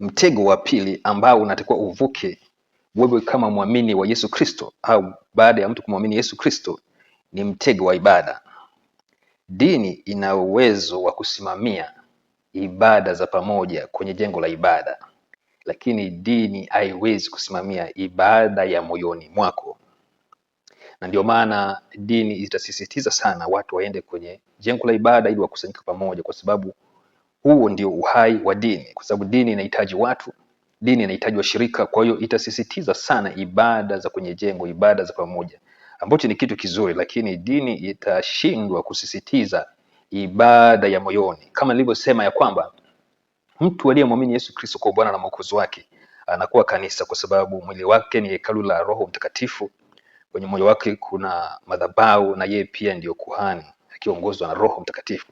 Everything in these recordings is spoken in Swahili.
Mtego wa pili ambao unatakiwa uvuke wewe kama mwamini wa Yesu Kristo au baada ya mtu kumwamini Yesu Kristo ni mtego wa ibada. Dini ina uwezo wa kusimamia ibada za pamoja kwenye jengo la ibada, lakini dini haiwezi kusimamia ibada ya moyoni mwako, na ndio maana dini itasisitiza sana watu waende kwenye jengo la ibada ili wakusanyika pamoja, kwa sababu huu ndio uhai wa dini, kwa sababu dini inahitaji watu, dini inahitaji washirika. Kwa hiyo itasisitiza sana ibada za kwenye jengo, ibada za pamoja, ambacho ni kitu kizuri, lakini dini itashindwa kusisitiza ibada ya moyoni, kama nilivyosema ya kwamba mtu aliyemwamini Yesu Kristo kwa Bwana na Mwokozi wake anakuwa kanisa, kwa sababu mwili wake ni hekalu la Roho Mtakatifu, kwenye moyo wake kuna madhabahu, na yeye pia ndiyo kuhani akiongozwa na Roho Mtakatifu.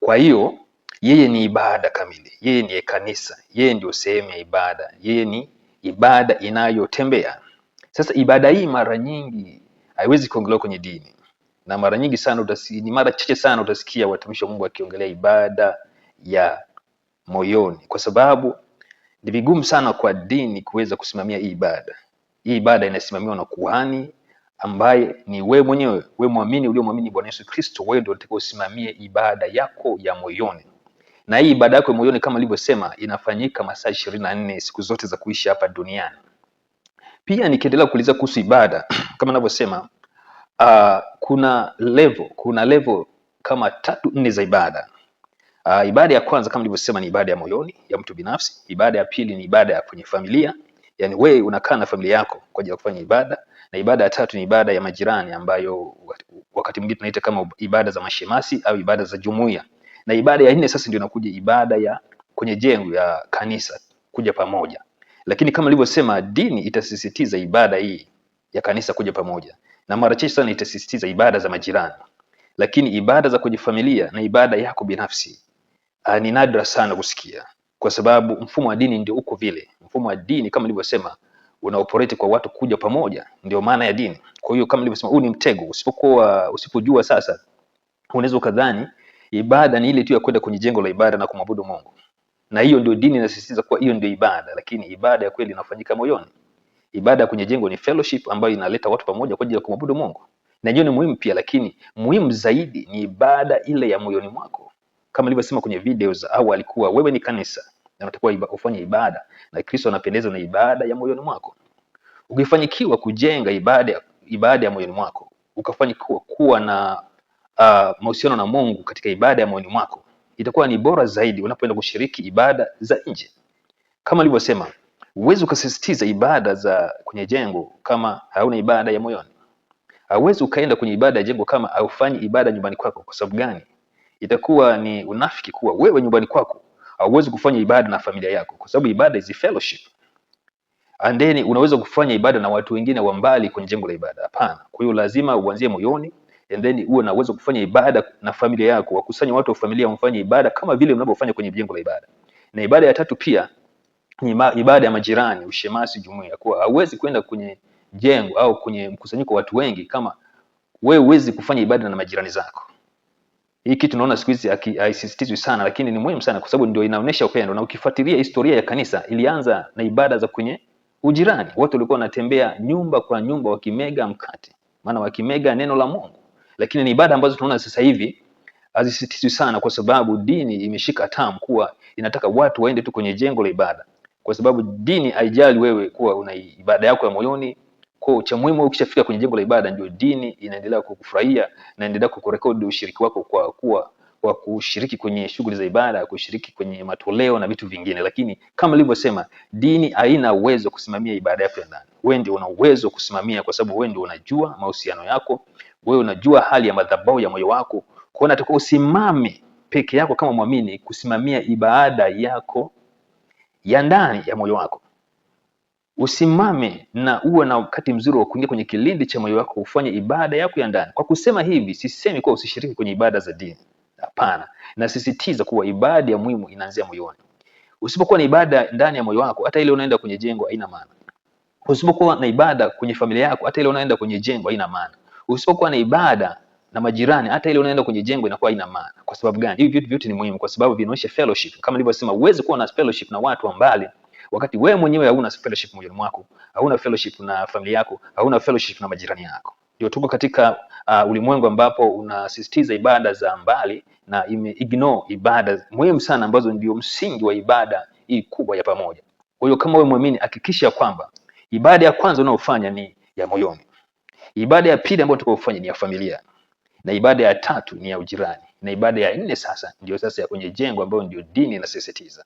Kwa hiyo yeye ni ibada kamili, yeye ndiye kanisa, yeye ndio sehemu ya ibada, yeye ni ibada inayotembea. Sasa ibada hii mara nyingi haiwezi kuongelewa kwenye dini, na mara nyingi sana utasi, ni mara chache sana utasikia watumishi wa Mungu wakiongelea ibada ya moyoni, kwa sababu ni vigumu sana kwa dini kuweza kusimamia hii ibada. Hii ibada inasimamiwa na kuhani ambaye ni wewe mwenyewe, wewe mwamini uliomwamini Bwana Yesu Kristo, wewe ndio unatakiwa usimamie ibada yako ya moyoni na hii ibada yako moyoni kama alivyosema inafanyika masaa ishirini na nne siku zote za kuishi hapa duniani. Pia nikiendelea kuuliza kuhusu ibada kama ninavyosema, uh, kuna level kuna level kama tatu nne za ibada. Uh, ibada ya kwanza kama nilivyosema ni ibada ya moyoni ya mtu binafsi. Ibada ya pili ni ibada ya kwenye familia, yani wewe unakaa na familia yako kwa ajili ya kufanya ibada, na ibada ya tatu ni ibada ya majirani ambayo wakati mwingine tunaita kama ibada za mashemasi au ibada za jumuiya na ibada ya nne sasa ndio inakuja ibada ya kwenye jengo ya kanisa kuja pamoja, lakini kama nilivyosema, dini itasisitiza ibada hii ya kanisa kuja pamoja, na mara chache sana itasisitiza ibada za majirani, lakini ibada za kwenye familia na ibada yako binafsi ah, ni nadra sana kusikia, kwa sababu mfumo wa dini ndio uko vile. Mfumo wa dini kama nilivyosema unaoperate kwa watu kuja pamoja, ndio maana ya dini. Kwa hiyo kama nilivyosema, huu ni mtego. Usipokuwa usipojua sasa, unaweza ukadhani Ibada ni ile tu ya kwenda kwenye jengo la ibada na kumwabudu Mungu, na hiyo ndio dini inasisitiza kuwa hiyo ndio ibada, lakini ibada ya kweli inafanyika moyoni. Ibada kwenye jengo ni fellowship ambayo inaleta watu pamoja kwa ajili ya kumwabudu Mungu, na hiyo ni muhimu pia, lakini muhimu zaidi ni ibada ile ya moyoni mwako, kama nilivyosema kwenye video za awali kuwa wewe ni kanisa na unatakiwa ufanye ibada na Kristo anapendezwa na ibada ya moyoni mwako. Ukifanikiwa kujenga ibada ibada ya moyoni mwako ukafanikiwa kuwa na uh, mahusiano na Mungu katika ibada ya moyoni mwako, itakuwa ni bora zaidi unapoenda kushiriki ibada za nje. Kama alivyosema, huwezi ukasisitiza ibada za kwenye jengo kama hauna ibada ya moyoni. Hauwezi ukaenda kwenye ibada ya jengo kama haufanyi ibada nyumbani kwako. Kwa sababu gani? Itakuwa ni unafiki kuwa wewe nyumbani kwako hauwezi kufanya ibada na familia yako, kwa sababu ibada is fellowship. andeni unaweza kufanya ibada na watu wengine wa mbali kwenye jengo la ibada? Hapana. Kwa hiyo lazima uanzie moyoni and then uwe na uwezo kufanya ibada na familia yako, wakusanya watu wa familia wamfanye ibada kama vile mnavyofanya kwenye jengo la ibada. Na ibada ya tatu pia ni ibada ya majirani, ushemasi, jumuiya, kwa hauwezi kwenda kwenye jengo au kwenye mkusanyiko wa watu wengi kama wewe huwezi kufanya ibada na majirani zako. Hii kitu naona siku hizi haisisitizwi sana, lakini ni muhimu sana, kwa sababu ndio inaonyesha upendo. Na ukifuatilia historia ya kanisa, ilianza na ibada za kwenye ujirani. Watu walikuwa wanatembea nyumba kwa nyumba wakimega mkate, maana wakimega neno la Mungu lakini ni ibada ambazo tunaona sasa hivi hazisisitizwi sana, kwa sababu dini imeshika tam kuwa inataka watu waende tu kwenye jengo la ibada, kwa sababu dini haijali wewe kuwa una ibada yako ya moyoni. Kwa cha muhimu ukishafika kwenye jengo la ibada, ndio dini inaendelea kukufurahia na endelea kukurekodi ushiriki wako kwa kuwa wa kushiriki kwenye shughuli za ibada, kushiriki kwenye matoleo na vitu vingine. Lakini kama nilivyosema, dini haina uwezo kusimamia ibada yako ya ndani. Wewe ndio una uwezo kusimamia, kwa sababu wewe ndio unajua mahusiano yako wewe unajua hali ya madhabahu ya moyo wako, kwa hiyo natakiwa usimame peke yako kama mwamini kusimamia ibada yako ya ndani ya moyo wako. Usimame na uwe na wakati mzuri wa kuingia kwenye kilindi cha moyo wako ufanye ibada yako ya ndani. Kwa kusema hivi, sisemi kuwa usishiriki kwenye ibada za dini, hapana. Nasisitiza kuwa ibada ya muhimu inaanzia moyoni. Usipokuwa na ibada ndani ya moyo wako, hata ile unaenda kwenye jengo haina maana. Usipokuwa na ibada kwenye familia yako, hata ile unaenda kwenye jengo haina maana. Usipokuwa na ibada na majirani, hata ile unaenda kwenye jengo inakuwa haina maana. Kwa sababu gani? Hivi vitu vyote ni muhimu kwa sababu vinaonyesha fellowship. Kama nilivyosema, huwezi kuwa na fellowship na watu wa mbali wakati wewe mwenyewe hauna fellowship moyoni mwako, hauna fellowship na familia yako, hauna fellowship na majirani yako. Ndio tuko katika uh, ulimwengu ambapo unasisitiza ibada za mbali na ime ignore ibada muhimu sana ambazo ndio msingi wa ibada hii kubwa ya pamoja. Kwa hiyo kama wewe muamini, hakikisha kwamba ibada ya kwanza unayofanya ni ya moyoni. Ibada ya pili ambayo tutakayofanya ni ya familia, na ibada ya tatu ni ya ujirani, na ibada ya nne sasa ndio sasa ya kwenye jengo ambayo ndio dini inasisitiza.